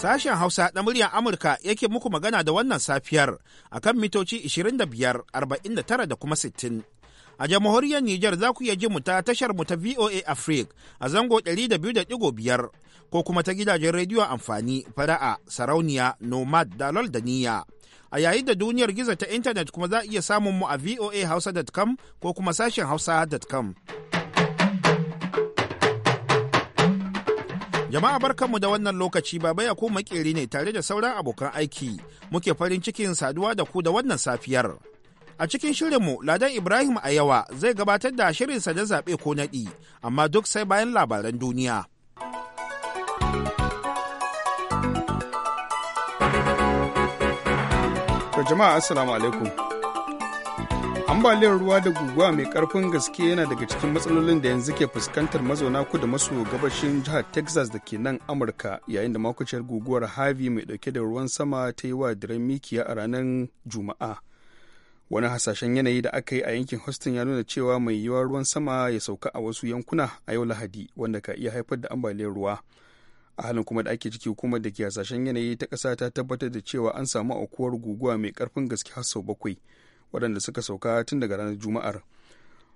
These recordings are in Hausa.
Sashen Hausa na muryar Amurka yake muku magana da wannan safiyar akan mitoci 25,49 da kuma 60. a jamhuriyar Nijar za ku iya ji mu ta tashar mu ta VOA Africa a zango biyar ko kuma ta gidajen rediyon amfani fara'a sarauniya nomad dalol da niyya. A yayin da duniyar gizo ta intanet kuma za a iya samun mu a voahausa.com ko kuma sashen hausa.com. Jama'a barkanmu da wannan lokaci baba ya ku makeri ne tare da sauran abokan aiki muke farin cikin saduwa da ku da wannan safiyar. A cikin shirinmu Ladan Ibrahim a yawa zai gabatar da shirinsa na zaɓe ko naɗi, amma duk sai bayan labaran duniya. To jama'a assalamu alaikum. Ambaliyar ruwa da guguwa mai karfin gaske yana daga cikin matsalolin da yanzu ke fuskantar mazauna kudu maso gabashin jihar Texas da ke nan Amurka yayin da makwaciyar guguwar Harvey mai dauke da ruwan sama ta yi wa diren mikiya a ranar Juma'a. Wani hasashen yanayi da aka yi a yankin Houston ya nuna cewa mai yiwuwar ruwan sama ya sauka a wasu yankuna a yau Lahadi wanda ka iya haifar da ambaliyar ruwa. a halin kuma da ake ciki hukumar da ke hasashen yanayi ta ƙasa ta tabbatar da cewa an samu aukuwar guguwa mai karfin gaske har sau bakwai waɗanda suka sauka tun daga ranar juma'ar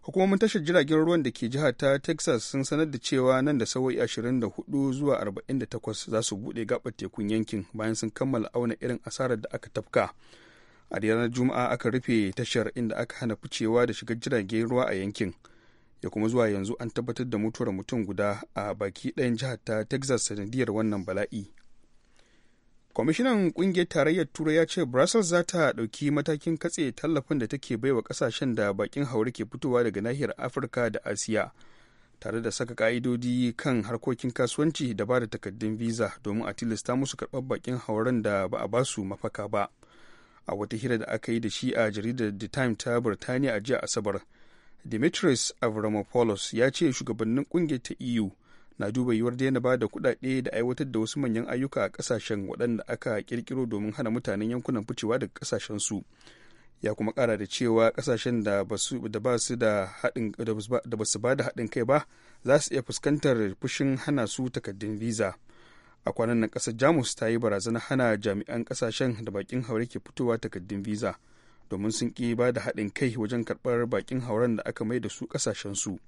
hukumomin tashar jiragen ruwan da ke jihar ta texas sun sanar da cewa nan da sawa'i 24 zuwa 48 za su buɗe gaɓar tekun yankin bayan sun kammala auna irin asarar da aka tafka a ranar juma'a aka rufe tashar inda aka hana ficewa da shigar jiragen ruwa a yankin ya kuma zuwa yanzu an tabbatar da mutuwar mutum guda a baki ɗayan jihar ta texas sanadiyar wannan bala'i kwamishinan kungiyar tarayyar turai ya ce brussels za ta ɗauki matakin katse tallafin da take baiwa ƙasashen da bakin haure ke fitowa daga nahiyar afirka da asiya tare da saka ka'idodi kan harkokin kasuwanci da ba da takaddun visa domin a tilasta musu karɓar bakin hauren da ba a basu mafaka ba a wata hira da aka yi da shi a jaridar the time ta birtaniya a jiya asabar dimitris avramopoulos ya ce shugabannin kungiyar ta eu na duba yiwuwar daina ba da kuɗaɗe da aiwatar da wasu manyan ayyuka a ƙasashen waɗanda aka ƙirƙiro domin hana mutanen yankunan ficewa daga su ya kuma ƙara da cewa kasashen da ba su ba da haɗin kai ba za su iya fuskantar fushin hana su takaddun visa a kwanan nan ƙasar jamus ta yi barazana hana jami'an ƙasashen da baƙin haure ke fitowa takaddun visa domin sun ƙi ba da haɗin kai wajen karɓar baƙin hauren da aka mai da su ƙasashensu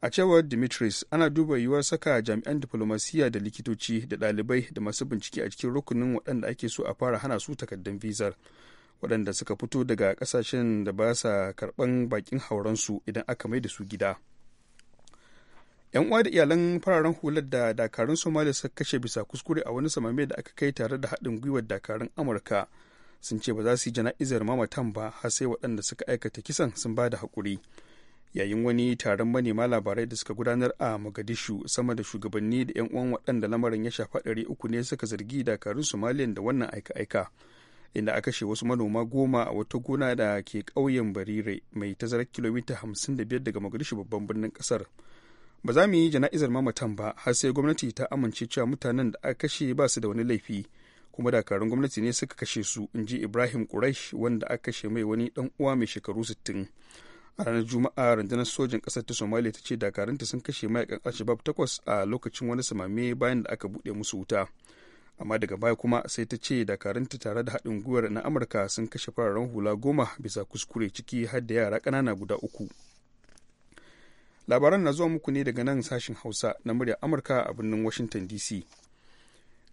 a cewar dimitris ana duba yiwuwar saka jami'an diflomasiyya da likitoci da ɗalibai da masu bincike a cikin rukunin waɗanda ake so a fara hana su takardun vizar waɗanda suka fito daga ƙasashen da ba sa karɓan bakin haurensu idan aka mai da su gida yan uwa da iyalan fararen hular da dakarun somalia suka kashe bisa kuskure a wani samame da aka kai tare da haɗin gwiwar dakarun amurka sun ce ba za su yi jana'izar mamatan ba har sai waɗanda suka aikata kisan sun ba da haƙuri yayin wani taron manema labarai da suka gudanar a mogadishu sama da shugabanni da 'yan uwan waɗanda lamarin ya shafa ɗari uku ne suka zargi dakarun somaliyan da wannan aika-aika inda aka kashe wasu manoma goma a wata gona da ke ƙauyen barire mai tazarar kilomita da biyar daga mogadishu babban birnin ƙasar ba za mu yi jana'izar mamatan ba har sai gwamnati ta amince cewa mutanen da aka kashe ba su da wani laifi kuma dakarun gwamnati ne suka kashe su in ji ibrahim quraish wanda aka kashe mai wani dan uwa mai shekaru 60 a ranar juma'a rundunar sojin kasar ta somalia ta ce dakarunta sun kashe mayakan alshabab takwas a lokacin wani samame bayan da aka buɗe musu wuta amma daga baya kuma sai ta ce dakarunta tare da haɗin gwiwar na amurka sun kashe fararen hula goma bisa kuskure ciki har da yara ƙanana guda uku labaran na zuwa muku ne daga nan sashen hausa na murya amurka a birnin washington dc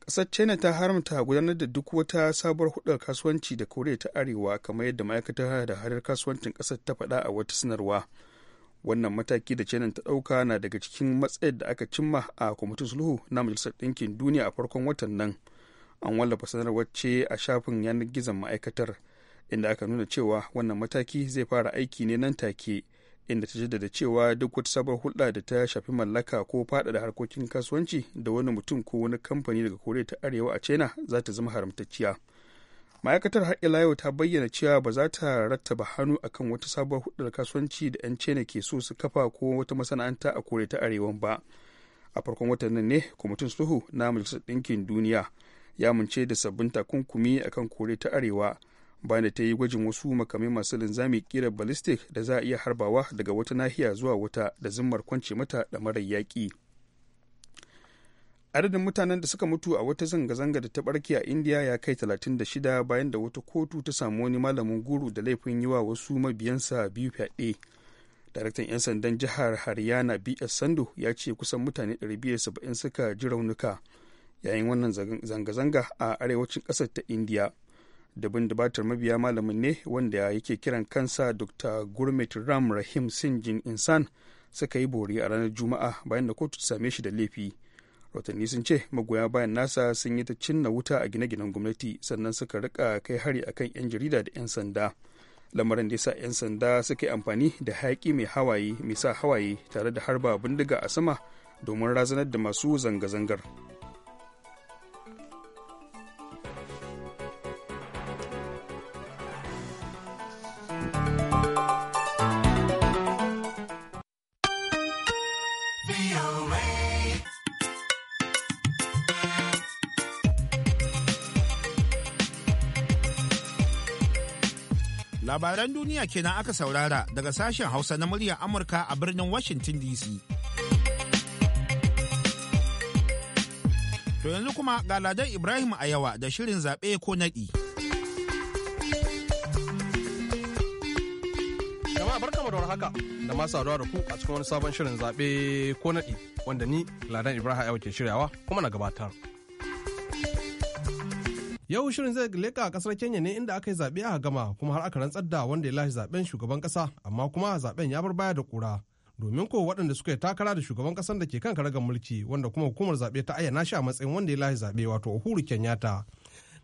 kasar china ta haramta gudanar da duk wata sabuwar hudar kasuwanci da koriya ta arewa kamar yadda ma'aikatar da harar kasuwancin ƙasar ta faɗa a wata sanarwa wannan mataki da china ta ɗauka na daga cikin matsayar da aka cimma a kwamitin sulhu na majalisar ɗinkin duniya a farkon watan nan an wallafa sanarwar ce a shafin yanar gizon ma'aikatar inda aka nuna cewa wannan mataki zai fara aiki ne nan take inda ta jaddada cewa duk wata sabuwar hulɗa da ta shafi mallaka ko faɗaɗa harkokin kasuwanci da wani mutum ko wani kamfani daga koriya ta arewa a china za ta zama haramtacciya ma'aikatar har ila yau ta bayyana cewa ba za ta rattaba hannu akan wata sabuwar hulɗar kasuwanci da 'yan china ke so su kafa ko wata masana'anta a koriya ta arewa ba a farkon watan nan ne kwamitin suhu na majalisar ɗinkin duniya ya amince da sabbin takunkumi akan koriya ta arewa bani ta yi gwajin wasu makamai masu linzami kira ballistic da za a iya harbawa daga wata nahiya zuwa wata da zimmar kwance mata da marar yaƙi adadin mutanen da suka mutu a wata zanga-zanga da ta barke a india ya kai 36 bayan da wata kotu ta samu wani malamin guru da laifin yi wa wasu mabiyansa biyu fyaɗe daraktan 'yan sandan jihar haryana bs sandu ya ce kusan mutane 270 suka ji raunuka yayin wannan zanga-zanga a arewacin ƙasar ta india. dabin dabatar mabiya malamin ne wanda yake kiran kansa dr gurmit ram rahim sinjin insan suka yi bori a ranar juma'a bayan da kotu same shi da laifi rotanni sun ce magoya bayan nasa sun yi ta cinna wuta a gine-ginen gwamnati sannan suka rika kai hari akan 'yan jarida da 'yan sanda lamarin da sa 'yan sanda suka yi amfani da hayaki mai hawaye mai sa hawaye tare da harba bindiga a sama domin razanar da masu zanga-zangar Labaran duniya kenan aka saurara daga sashen Hausa na muryar Amurka a birnin Washington DC. To yanzu kuma ga Ladan Ibrahim Ayawa da shirin zaɓe ko naɗi. a haka da masu da ku a cikin wani sabon shirin zaɓe ko naɗi wanda ni Ladan Ibrahim Ayawa ke shiryawa kuma na gabatar. Yau shirin zai leƙa kasar Kenya ne inda aka yi zaɓe a gama kuma har aka rantsar da wanda ya lashe zaɓen shugaban kasa amma kuma zaɓen ya bar baya da kura Domin ko waɗanda suka yi takara da shugaban kasar da ke kan karagar mulki wanda kuma hukumar zaɓe ta ayyana shi a matsayin wanda ya lashe zaɓe wato Uhuru Kenyatta.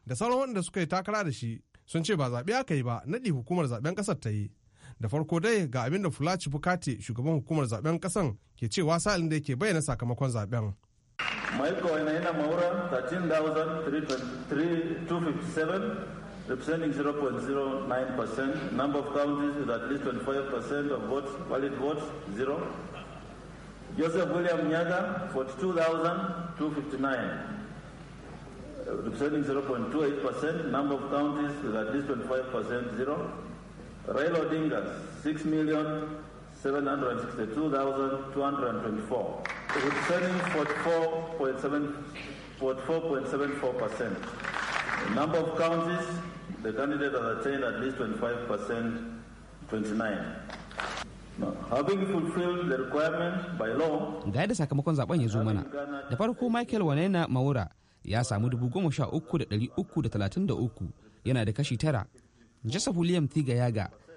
Da sauran waɗanda suka yi takara da shi sun ce ba zaɓe aka yi ba naɗi hukumar zaɓen kasar ta yi. Da farko dai ga abin da Fulaci Bukati shugaban hukumar zaɓen ƙasan ke cewa sa'ilin da yake bayyana sakamakon zaɓen. Michael Ainaina Maura, 13,257, representing 0.09%. Number of counties with at least 25% of votes, valid votes, zero. Joseph William Nyaga, 42,259, representing 0.28%. Number of counties with at least 25%, zero. Raila 6 million 762,224, representing 44.74%. The number of counties, the candidate has attained at least 25%, 29. Ga yadda sakamakon zaben ya zo mana, da farko Michael Wanena Maura ya samu dubu goma sha uku uku da da da dari talatin uku yana da kashi tara. Joseph William Thiga Yaga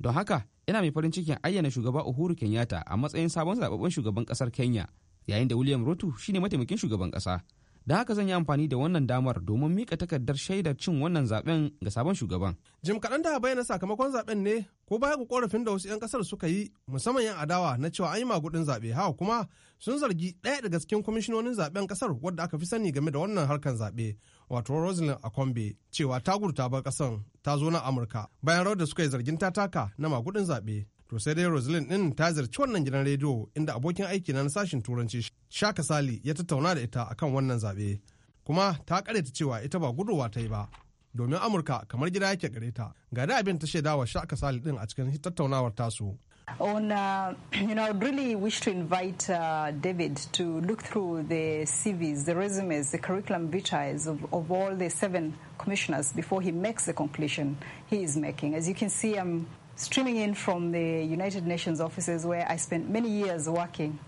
don haka yana mai farin cikin ayyana shugaba uhuru kenyatta a matsayin sabon zababben shugaban kasar kenya yayin da william ruto shine mataimakin shugaban kasa da haka zan yi amfani da wannan damar domin mika takardar shaidar cin wannan zaben ga sabon shugaban. Jim kaɗan da bayyana sakamakon zaben ne ko baya ga korafin da wasu 'yan kasar suka yi musamman 'yan adawa na cewa an yi magudin zaɓe haka kuma sun zargi ɗaya daga cikin kwamishinonin zaben kasar wadda aka fi sani game da wannan harkar zaɓe wato Rosalind Akombe cewa ta gudu ta bar kasan ta zo na Amurka bayan rawar da suka yi zargin ta taka na magudin zaɓe. To sai dai Rosalind ɗin ta zarci wannan gidan rediyo inda abokin aiki na sashin turanci Shaka Sali ya tattauna da ita akan wannan zaɓe. Kuma ta karyata cewa ita ba gudowa ta yi ba. Domin Amurka kamar gida yake gare ta. Ga da abin ta shaidawa Shaka Sali ɗin a cikin tattaunawar tasu. On, uh, you know, i really wish to invite uh, David to look through the CVs, the resumes, the curriculum vitae of, of all the seven commissioners before he makes the conclusion he is making. As you can see, I'm streaming in from the United Nations offices where I spent many years working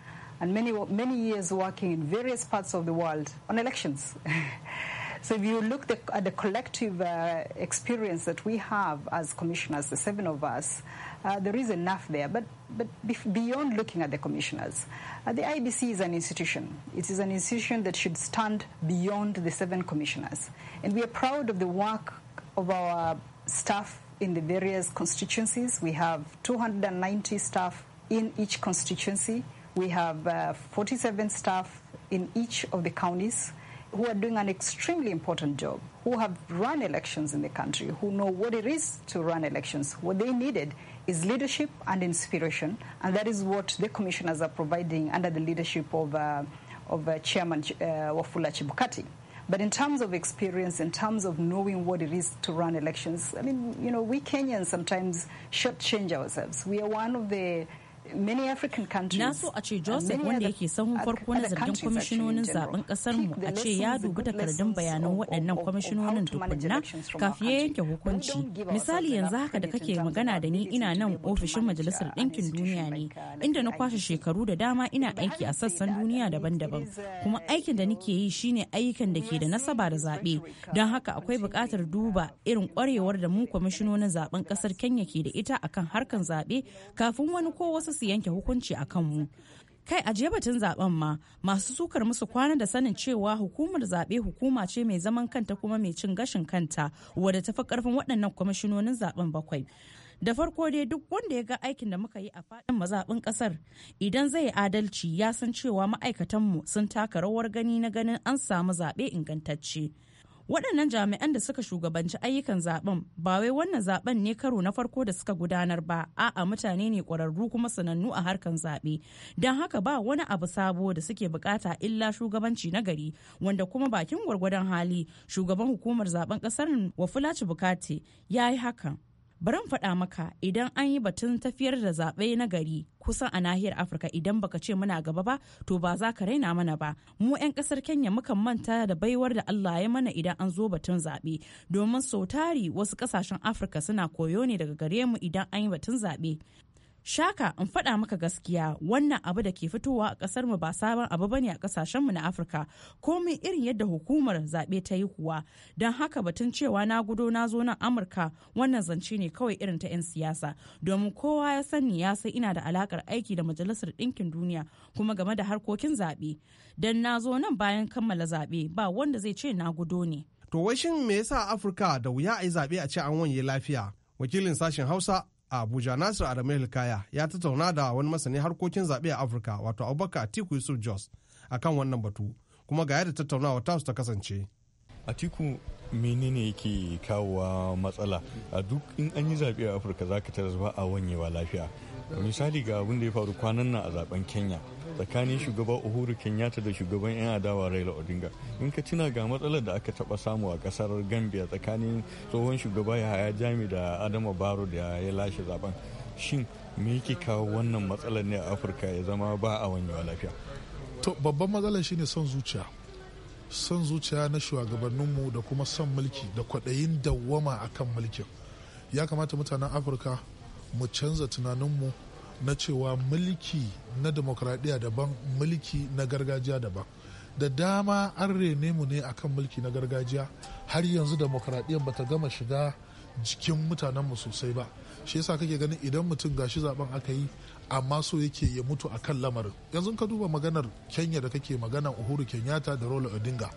and many, many years working in various parts of the world on elections. so if you look the, at the collective uh, experience that we have as commissioners, the seven of us, uh, there is enough there. But, but beyond looking at the commissioners, uh, the IBC is an institution. It is an institution that should stand beyond the seven commissioners. And we are proud of the work of our staff in the various constituencies. We have 290 staff in each constituency. We have uh, 47 staff in each of the counties who are doing an extremely important job, who have run elections in the country, who know what it is to run elections, what they needed, is leadership and inspiration, and that is what the commissioners are providing under the leadership of, uh, of uh, Chairman uh, Wafula Chibukati. But in terms of experience, in terms of knowing what it is to run elections, I mean, you know, we Kenyans sometimes shortchange ourselves. We are one of the Na so a ce uh, Joseph wanda yake sahun farko na zargin kwamishinonin zaben kasarmu a ce ya dubi takardun bayanan waɗannan kwamishinonin tukunna kafin ya yanke hukunci. Misali yanzu haka da kake magana da ni ina nan ofishin Majalisar uh, Ɗinkin Duniya ne uh, inda na kwashe shekaru da dama ina aiki a sassan duniya um, daban-daban kuma aikin da nake yi shine ayyukan da ke da nasaba da zaɓe don haka akwai buƙatar duba irin ƙwarewar da mu kwamishinonin zaben ƙasar Kenya ke da ita akan harkan zaɓe kafin wani ko wasu su yanke hukunci a kanmu kai a jebatin zaben ma masu sukar musu kwana da sanin cewa hukumar zaɓe hukuma ce mai zaman kanta kuma mai cin gashin kanta wadda ta karfin waɗannan kwamishinonin zaben bakwai da farko dai duk wanda ya ga aikin da muka yi a faɗin mazaɓin ƙasar idan zai yi adalci ya san cewa ma'aikatanmu sun taka rawar gani na ganin an samu zaɓe ingantacce waɗannan jami'an da suka shugabanci ayyukan zaben ba wai wannan zaben ne karo na farko da suka gudanar ba a'a mutane ne ƙwararru kuma sanannu a harkar zaɓe don haka ba wani abu sabo da suke bukata illa shugabanci na gari wanda kuma bakin gwargwadon hali shugaban hukumar zaben ƙasar wafulaci bukati ya yi hakan barin faɗa maka idan an yi batun tafiyar da zaɓe na gari kusan a nahiyar afirka idan baka ce muna gaba ba to ba za ka raina mana ba mu 'yan ƙasar kenya mukan manta da baiwar da allah ya mana idan an zo batun zaɓe domin sautari wasu ƙasashen afirka suna koyo ne daga gare mu idan an yi batun zaɓe Shaka in faɗa maka gaskiya wannan abu da ke fitowa a ƙasar mu ba sabon abu bane a ƙasashen mu na Afirka komai irin yadda hukumar zaɓe ta yi kuwa don haka batun cewa na gudo na zo nan Amurka wannan zance ne kawai irin ta 'yan siyasa domin kowa ya sani ya san ina da alakar aiki da Majalisar Ɗinkin Duniya kuma game da harkokin zaɓe don na zo nan bayan kammala zaɓe ba wanda zai ce na gudo ne. To wai shin me yasa Afirka da wuya a yi zaɓe a ce an wanye lafiya? Wakilin sashen Hausa a abuja nasir adamu kaya ya tattauna da wani masani harkokin zaɓe a afirka wato abubakar atiku yusuf jos akan wannan batu kuma ga yadda tattaunawa tasu ta kasance atiku menene yake kawowa matsala a duk in an yi zaɓe a afirka za ka ba a wanyewa lafiya misali ga abin da ya faru kwanan nan a zaben kenya tsakanin shugaban uhuru kenyatta da shugaban yan adawa raila odinga in ka tuna ga matsalar da aka taba samu a kasar gambia tsakanin tsohon shugaba yahaya jami da adama baro da ya lashe zaben shin me yake kawo wannan matsalar ne a afirka ya zama ba a wanyewa lafiya to babban matsalar shine son zuciya son zuciya na shugabanninmu da kuma son mulki da kwaɗayin dawwama akan mulkin ya kamata mutanen afirka mu canza tunaninmu na cewa mulki na demokradiyya daban mulki na gargajiya daban da dama an rene mu ne akan mulki na gargajiya har yanzu demokradiyyar bata gama shiga jikin mutanen mu sosai ba shi yasa kake ganin idan mutum gashi zaben aka yi amma so yake ya mutu akan lamarin yanzu ka duba maganar kenya da kake magana uhuru kenyatta da rola odinga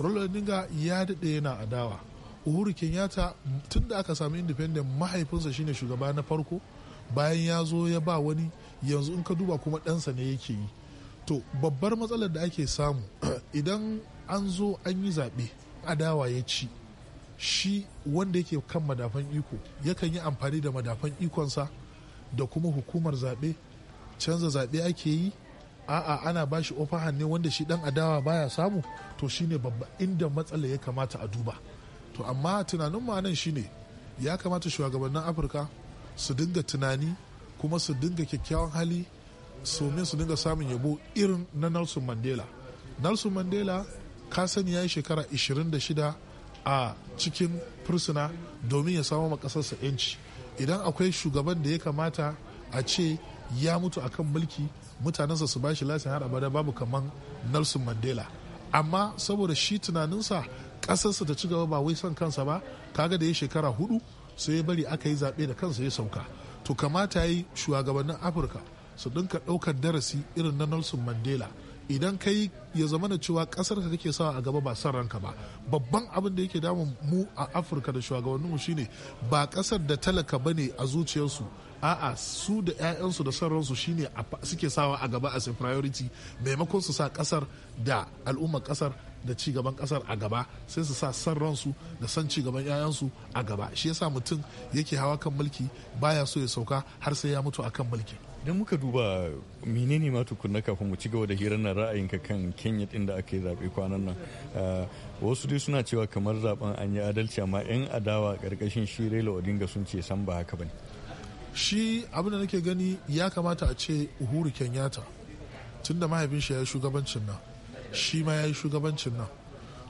rola odinga ya daɗe yana adawa uhuru kenyatta tun da aka samu independent mahaifinsa shine shugaba na farko bayan ya zo ya ba wani yanzu in ka duba kuma ɗansa ne yake yi to babbar matsalar da ake samu idan an zo an yi zaɓe adawa ya ci shi wanda yake kan madafan iko yakan yi amfani da madafan ikonsa da kuma hukumar zaɓe canza zaɓe ake yi a'a ana ba shi ofahan ne wanda shi dan adawa baya samu to shine babba inda matsala ya kamata a duba to amma tunanin ma'anan shi shine ya kamata shugabannin afirka su dinga tunani kuma su dinga kyakkyawan hali somin su dinga samun yabo irin na nelson mandela nelson mandela ka sani ya yi shekara 26 a cikin fursuna domin ya samu makasarsa 'yanci idan akwai shugaban da ya kamata a ce ya mutu a kan mulki mutanensa su bashi lasin har abada babu kaman nelson mandela amma saboda shi tunaninsa ƙasarsa ta ci gaba ba wai son kansa ba kaga da ya shekara hudu sai ya bari aka yi zaɓe da kansa ya sauka to kamata yi shugabannin afirka su dinka ɗaukar darasi irin na nelson mandela idan kai ya zama da cewa ƙasar ka kake sawa a gaba ba son ranka ba babban abin da yake damun mu a afirka da shugabanninmu shine ba ƙasar da talaka ba ne a zuciyarsu a'a su da 'ya'yansu da son ransu shine suke sawa a gaba as a priority maimakon su sa ƙasar da al'ummar ƙasar. da ci gaban kasar a gaba sai su sa san ransu da san ci gaban 'ya'yansu a gaba shi yasa mutum yake hawa kan mulki baya so ya sauka har sai ya mutu akan mulki idan muka duba menene ma tukunna kafin mu ci gaba da hirar nan ra'ayinka kan kenya din da aka yi zaɓe kwanan nan eh, wasu dai suna cewa kamar zaben an yi adalci amma 'yan adawa ƙarƙashin shi raila odinga sun ce san ba haka bane shi abin da nake gani ya kamata a ce uhuru kenyatta tunda mahaifin shi ya shugabancin nan shi ma ya yi shugabancin nan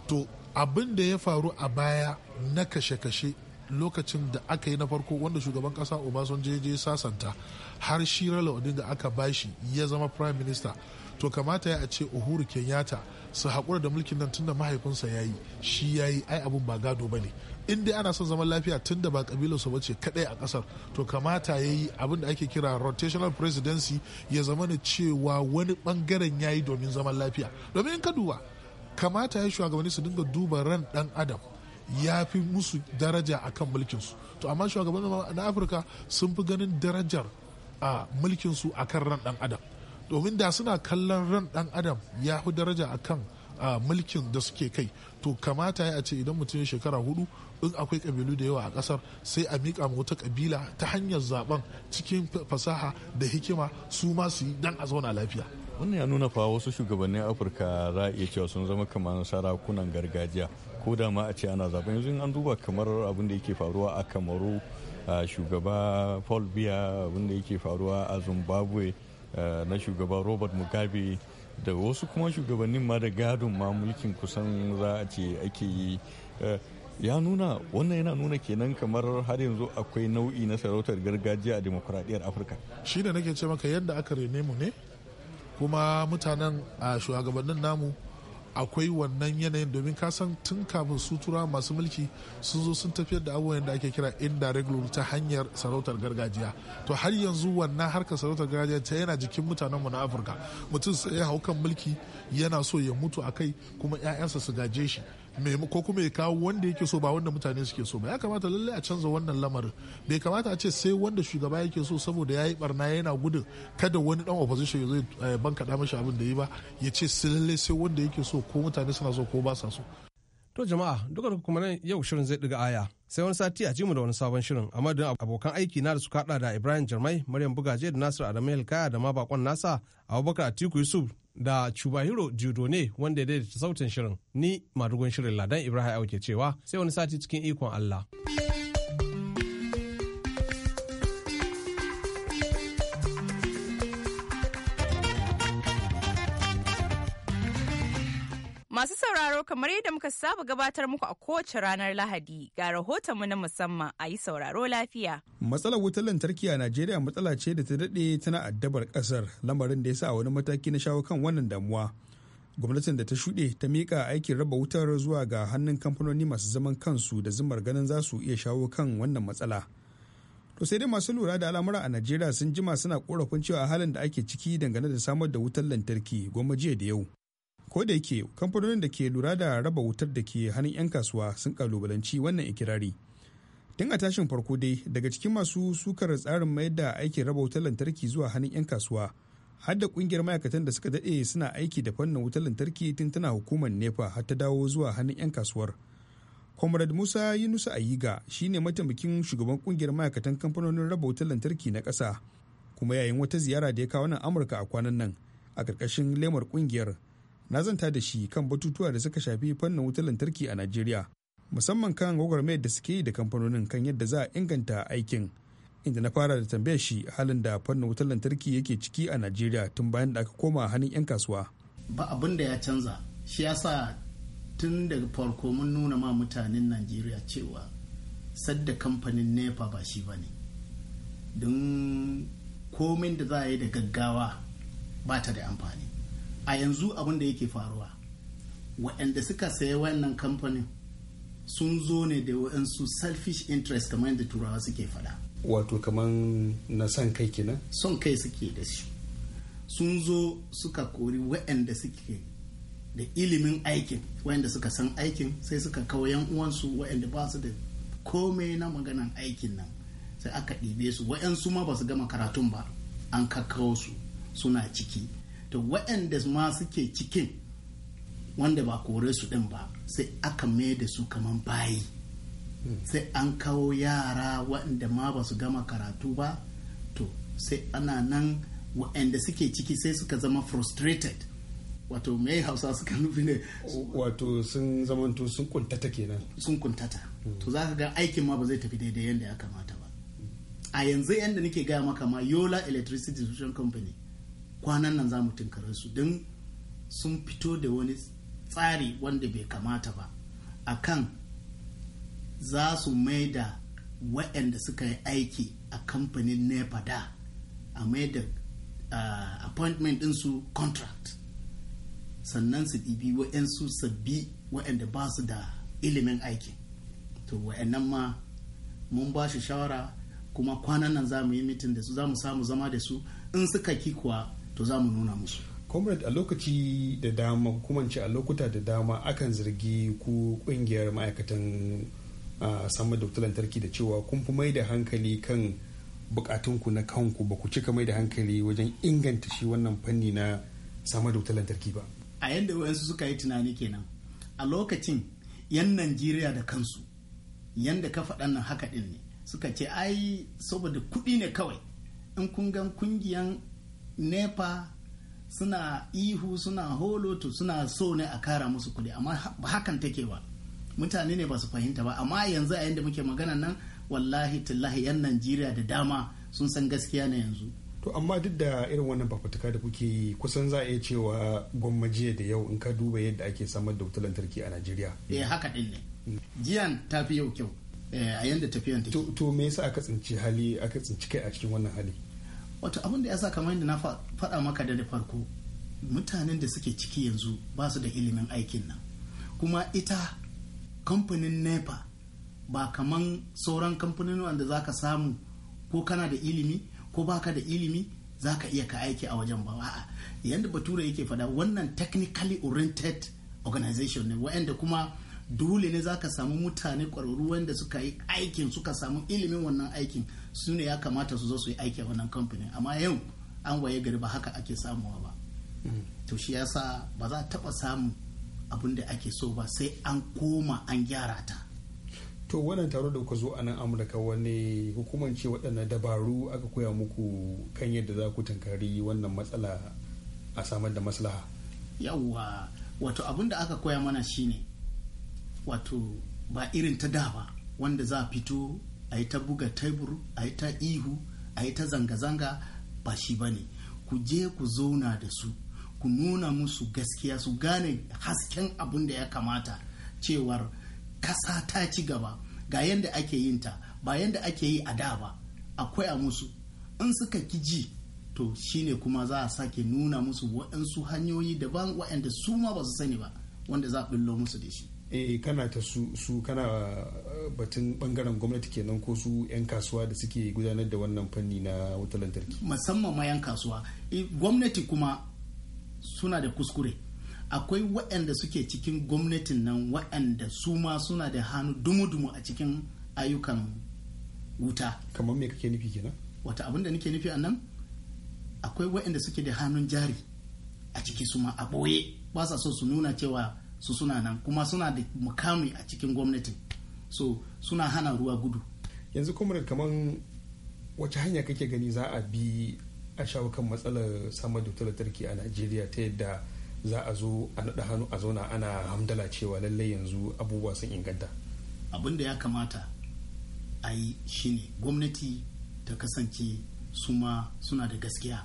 to abin da ya faru a baya na kashe-kashe lokacin da aka yi na farko wanda shugaban kasa obasanjo je sasanta har shi rala da aka bashi ya zama prime minister to kamata ya ce uhuru kenyatta su haƙura da mulkin nan tunda mahaifinsa ya yi shi ya yi ai abun ba gado ba ne in dai ana son zaman lafiya tun da ba kabilarsu ba ce kadai a kasar to kamata ya yi abin da ake kira rotational presidency ya zama na cewa wani bangaren ya yi domin zaman lafiya domin in ka duba kamata ya shugabanni su dinga duba ran dan adam ya fi musu daraja akan mulkinsu to amma shugaban na afirka sun fi ganin darajar a mulkinsu akan ran dan adam domin da suna kallon ran dan adam ya fi daraja a kan. a mulkin da suke kai to kamata ya ce idan mutum ya shekara hudu in akwai kabilu da yawa a kasar sai a miƙa ma wata kabila ta hanyar zaben cikin fasaha da hikima su ma su yi dan a zauna lafiya wannan ya nuna fa wasu shugabannin afirka ra'ayi cewa sun zama kamar sarakunan gargajiya ko da ma a ce ana zaben yanzu an duba kamar abin da yake faruwa a kamaru shugaba paul biya abin da yake faruwa a zimbabwe eh, na shugaba robert mugabe da wasu kuma shugabannin ma da gadon ma mulkin kusan za a ce ake yi eh, ya nuna wannan yana nuna kenan kamar har yanzu akwai nau'i na sarautar gargajiya a demokuraɗiyar afirka shi da nake ce maka yadda aka rene mu ne kuma mutanen a shugabannin namu akwai wannan yanayin domin kasan tun kafin sutura masu mulki sun zo sun tafiyar da abubuwan da ake kira indirect rule ta hanyar sarautar gargajiya to har yanzu wannan harkar sarautar gargajiya ta yana jikin mutanenmu na afirka mutum sai ya hau kan mulki yana so ya mutu a kai kuma 'ya'yansa su gaje shi ko kuma ya kawo wanda yake so ba wanda mutane suke so ba ya kamata lallai a canza wannan lamarin bai kamata a ce sai wanda shugaba yake so saboda ya yi barna yana gudun kada wani dan opposition ya zo ya eh, bankaɗa mashi abin da yi ba ya ce sai lallai sai wanda yake so ko mutane suna so ko ba sa so To jama'a duka da kuma nan yau shirin zai diga aya sai wani sati a jimu da wani sabon shirin a madadin abokan aiki na da su kada da Ibrahim Jarmai, Maryam Bugaje da nasir Adamu Hilkaya da ma bakon nasa Abubakar Atiku Yusuf da Chubahiro Judo wanda ya daidaita sautin shirin ni madugun shirin Ladan Ibrahim Auke cewa sai wani sati cikin ikon Allah. Masu sauraro kamar yadda muka saba gabatar muku a kowace ranar Lahadi ga mu na musamman a yi sauraro lafiya. Matsalar wutar lantarki a Najeriya matsala ce da ta daɗe tana addabar ƙasar lamarin da ya sa wani mataki na shawo kan wannan damuwa. Gwamnatin da ta shuɗe ta miƙa aikin raba wutar zuwa ga hannun kamfanoni masu zaman kansu da zumar ganin za su iya shawo kan wannan matsala. To sai dai masu lura da al'amura a Najeriya sun jima suna korafin cewa halin da ake ciki dangane da samar da wutar lantarki goma jiya da yau ko da yake kamfanonin da ke lura da raba wutar da ke hannun 'yan kasuwa sun kalubalanci wannan ikirari tun a tashin farko dai daga cikin masu sukar tsarin mayar da aikin raba wutar lantarki zuwa hannun 'yan kasuwa har da kungiyar ma'aikatan da suka daɗe suna aiki da fannin wutar lantarki tun tana hukumar nepa har ta dawo zuwa hannun 'yan kasuwar comrade musa yunusa ayiga shine mataimakin shugaban kungiyar ma'aikatan kamfanonin raba wutar lantarki na ƙasa kuma yayin wata ziyara da ya kawo nan amurka a kwanan nan a ƙarƙashin lemar kungiyar na zanta da shi kan batutuwa da suka shafi fannin wutar lantarki a najeriya musamman kan gwagwarmayar da suke yi da kamfanonin kan yadda za a inganta aikin inda na fara da tambayar shi halin da fannin wutar lantarki yake ciki a najeriya tun bayan da aka koma hannun 'yan kasuwa ba abin da ya canza shi yasa tun daga farko mun nuna ma mutanen najeriya cewa sadda kamfanin nepa ba shi ba ne don komin da za a yi da gaggawa ba ta da amfani a yanzu abin da yake faruwa waɗanda suka sayi wannan kamfanin sun zo ne da waɗansu selfish interest kamar yadda turawa suke faɗa wato kamar na son kai kenan son kai suke da shi sun zo suka kori waɗanda suke da ilimin aikin waɗanda suka san aikin sai suka kawo yan uwansu waɗanda ba su da komai na maganan aikin nan sai aka ɗibe su waɗansu ma ba su gama karatun ba an kakkawo su suna ciki to waɗanda ma suke cikin wanda ba kore su ɗin ba sai aka mai da su kaman bayi hmm. sai an kawo yara waɗanda ma ba su gama karatu ba to sai ana nan waɗanda suke ciki sai suka zama frustrated wato mai hausa suka nufi ne wato sun zamanto sun kuntata kenan sun kuntata hmm. to za ka ga aikin ma ba zai tafi daidai yadda ya kamata ba a yanzu yadda nake gaya maka ma yola electricity distribution company kwanan nan za mu tunkarar su don sun fito da wani tsari wanda bai kamata ba a kan za su mai da waɗanda suka yi aiki a kamfanin nepa da a mai da uh, appointment ɗinsu contract sannan su ɗibi waɗansu sabbi waɗanda ba su da ilimin aiki. to waɗannan ma mun ba shi shawara kuma kwanan nan za mu yi mitin da su za mu samu zama da su in suka ki kuwa to za mu nuna musu comrade a lokaci da dama kuma a lokuta da dama akan zargi ku kungiyar ma'aikatan samar da lantarki da cewa kun fi mai da hankali kan bukatunku na kanku ba ku cika mai da hankali wajen inganta shi wannan fanni na samar da lantarki ba a yadda wayansu suka yi tunani kenan a lokacin yan najeriya da kansu yanda ka faɗan nan haka ɗin ne suka ce ai saboda kuɗi ne kawai in kun gan kungiyan nepa suna ihu suna holoto suna so ne a kara musu kudi amma ba hakan take ba mutane ne ba su fahimta ba amma yanzu a yadda muke magana nan wallahi tallahi yan najeriya da dama sun san gaskiya na yanzu to amma duk da irin wannan fafutuka da kuke yi kusan za a iya cewa gwamma jiya da yau in ka duba yadda ake samar da wutar lantarki a najeriya eh haka din ne mm. jiyan ta fi yau kyau eh, a yadda tafiyan take to me yasa aka tsinci hali aka tsinci kai a cikin wannan hali wato abin da ya sa kamar yadda na faɗa maka da farko mutanen da suke ciki yanzu ba su da ilimin aikin nan kuma ita kamfanin nepa ba kaman sauran kamfanin wanda za ka samu ko kana da ilimi ko baka da ilimi za ka iya ka aiki a wajen ba a'a yadda bature yake faɗa wannan technically oriented organization ne wa'anda kuma dole ne za ka samu mutane ƙwararru wanda suka yi aikin suka samu ilimin wannan aikin su ne ya kamata su zo su yi aiki a wannan kamfanin amma yau an waye gari ba haka ake samuwa ba to shi ya sa ba za a taɓa samun abin da ake so ba sai an koma an gyara ta to wannan taro da kuka zo a nan amurka wani hukumance waɗannan dabaru aka koya muku kan yadda za ku tunkari wannan matsala a samar da maslaha yawwa wato abin da aka koya mana shine wato ba irin ta da ba wanda za a fito a yi ta buga tebur a yi ta ihu a yi ta zanga-zanga ba shi ba ne ku je ku zauna da su ku nuna musu gaskiya su gane hasken abin da ya kamata cewar kasa ta ci gaba ga yadda ake yin ta ba yadda ake yi a da ba akwai a musu in suka ki ji to shine kuma za a sake nuna musu waɗansu hanyoyi daban waɗanda su ma ba su sani ba wanda za a musu da shi eh kana ta su su kana eh, batun bangaren gwamnati kenan ko su 'yan kasuwa da suke gudanar da wannan fanni na wutar lantarki musamman ma 'yan kasuwa eh, gwamnati kuma suna da kuskure akwai waɗanda suke cikin gwamnatin nan waɗanda su ma suna da hannu dumu-dumu a cikin ayyukan wuta kamar me kake nufi kenan wata abin da nake nufi a nan akwai waɗanda suke da hannun jari a ciki su ma a ɓoye ba sa so su nuna cewa su suna nan kuma suna da mukami a cikin gwamnati so suna hana ruwa gudu yanzu kuma kamar wace hanya kake gani za a bi a shawo kan matsalar samar da lantarki a najeriya ta yadda za a zo a naɗa hannu a zauna ana hamdala cewa lallai yanzu abubuwa sun inganta abin da ya kamata a yi shine gwamnati ta kasance su suna da gaskiya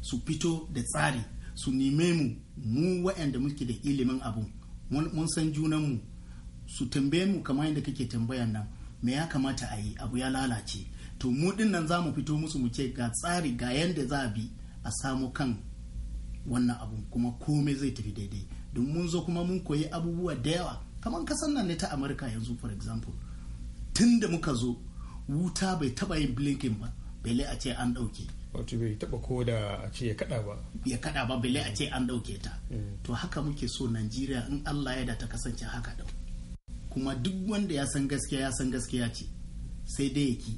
su fito da tsari su nime mu mu waɗanda muke da ilimin abu mun san junan mu su tambaye mu kamar yadda kake tambayan nan me ya kamata a yi abu ya lalace to mu din nan za mu fito musu mu ce ga tsari ga yadda za a bi a samu kan wannan abu kuma komai zai tafi daidai don mun zo kuma mun koyi abubuwa da yawa kamar kasan nan ne ta amurka yanzu for example tun da muka zo wuta bai taba yin blinking ba bele a ce an ɗauke wato bai taba ko da a ce ya kada ba ya kada ba bale a ce an dauke ta mm. to haka muke so Najeriya in Allah ya da ta kasance haka dau kuma duk wanda ya san gaskiya ya san gaskiya ce sai dai yake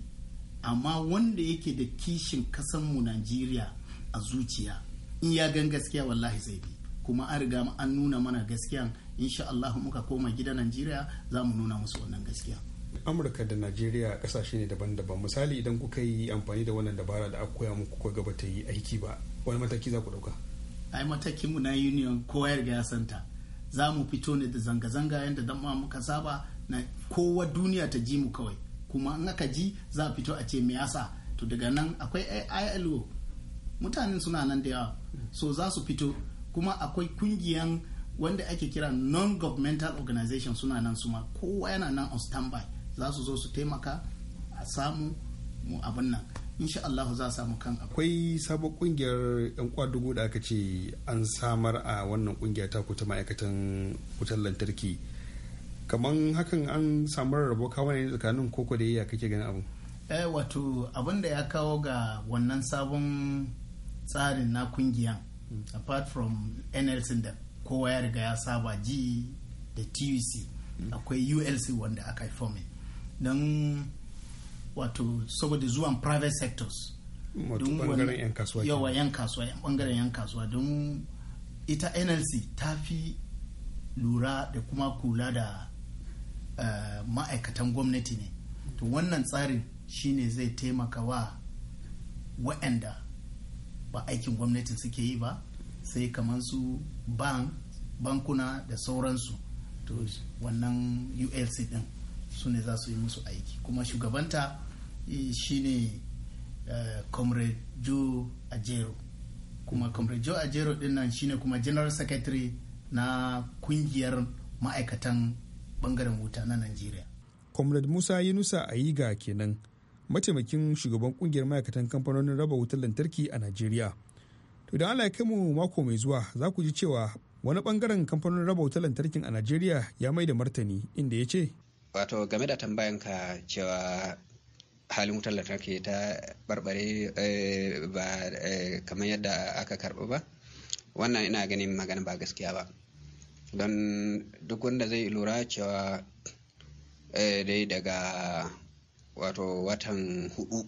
amma wanda yake da kishin kasan mu Najeriya a zuciya in ya gan gaskiya wallahi zai bi kuma an riga an nuna mana gaskiyan insha Allah muka koma gida Najeriya za mu nuna musu wannan gaskiya amurka da najeriya kasashe ne daban-daban misali idan kuka yi amfani da wannan dabara da aka koya muku kuka gaba ta yi aiki ba wani mataki za ku ɗauka ai matakin mu na union koyar ga yasanta za mu fito ne da zanga-zanga yadda dan muka saba na kowa duniya ta ji mu kawai kuma in aka ji za a fito a ce me yasa to daga nan akwai ILO mutanen suna nan da yawa so za su fito kuma akwai kungiyan wanda ake kira non-governmental organization suna nan suma kowa yana nan on standby za su zo su taimaka a samu mu abin nan insha Allah za a samu kan akwai sabon kungiyar yan kwadugu da aka ce an samar a wannan kungiya ta ku ta ma'aikatan wutar lantarki kaman hakan an samar rabo kawai ne tsakanin koko da yaya kake ganin abu eh wato abin da ya kawo ga wannan sabon tsarin na kungiyan hmm. apart from nlc da kowa ya riga ya saba ji da tuc hmm. akwai ulc wanda aka yi forming don wato saboda zuwan private sectors bangaren kasuwa yawa yan kasuwa yan bangaren yan kasuwa don ita nlc ta fi lura da kuma kula da uh, ma'aikatan gwamnati ne to wannan tsarin shine zai taimaka wa wa'anda ba aikin gwamnati suke yi ba sai kamar su bank bankuna da sauransu to wannan ulc din su ne za su yi musu aiki kuma shugabanta eh, shine eh, comrade joe ajero kuma comrade joe ajero din nan shine kuma general secretary na kungiyar ma'aikatan bangaren wuta na nigeria comrade musa yunusa ayiga kenan mataimakin shugaban kungiyar ma'aikatan kamfanonin raba wutar lantarki a nigeria to da allah ya mu mako mai zuwa za ku ji cewa wani bangaren kamfanonin raba wutar lantarki a nigeria ya mai da martani inda ya ce wato game da tambayanka cewa halin wutar lantarki ta barbare eh, ba eh, kamar yadda aka karɓi ba wannan ina ganin magana ba gaskiya ba don duk wanda zai lura cewa eh, dai daga wato watan hudu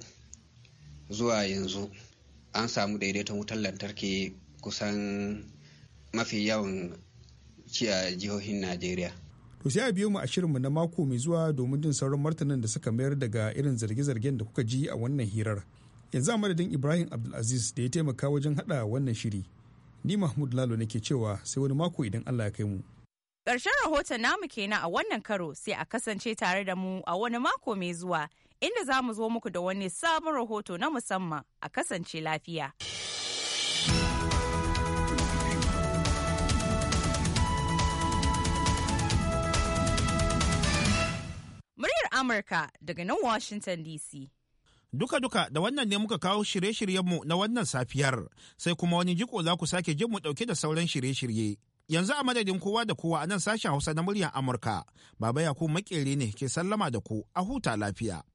zuwa yanzu an samu daidaiton wutar lantarki kusan mafi yawan ci a jihohin najeriya To sai a biyo mu a shirinmu na mako mai zuwa domin jin sauran martanin da suka mayar daga irin zarge-zargen da kuka ji a wannan hirar. Yanzu a madadin Ibrahim Abdulaziz da ya taimaka wajen haɗa wannan shiri. Ni Mahmud Lalo nake cewa sai wani mako idan Allah ya kai mu. Ƙarshen rahoton namu kenan a wannan karo sai a kasance tare da mu a wani mako mai zuwa inda za mu zo muku da wani sabon rahoto na musamman a kasance lafiya. Amurka daga nan Washington DC. Duka-duka da wannan ne muka kawo shirye-shiryenmu na wannan safiyar, sai kuma wani jiko za ku sake jin mu ɗauke da sauran shirye-shirye. Yanzu a madadin kowa da kowa a nan sashen Hausa na muryar Amurka, Baba Yakubu Makere ne ke sallama da ku a huta lafiya.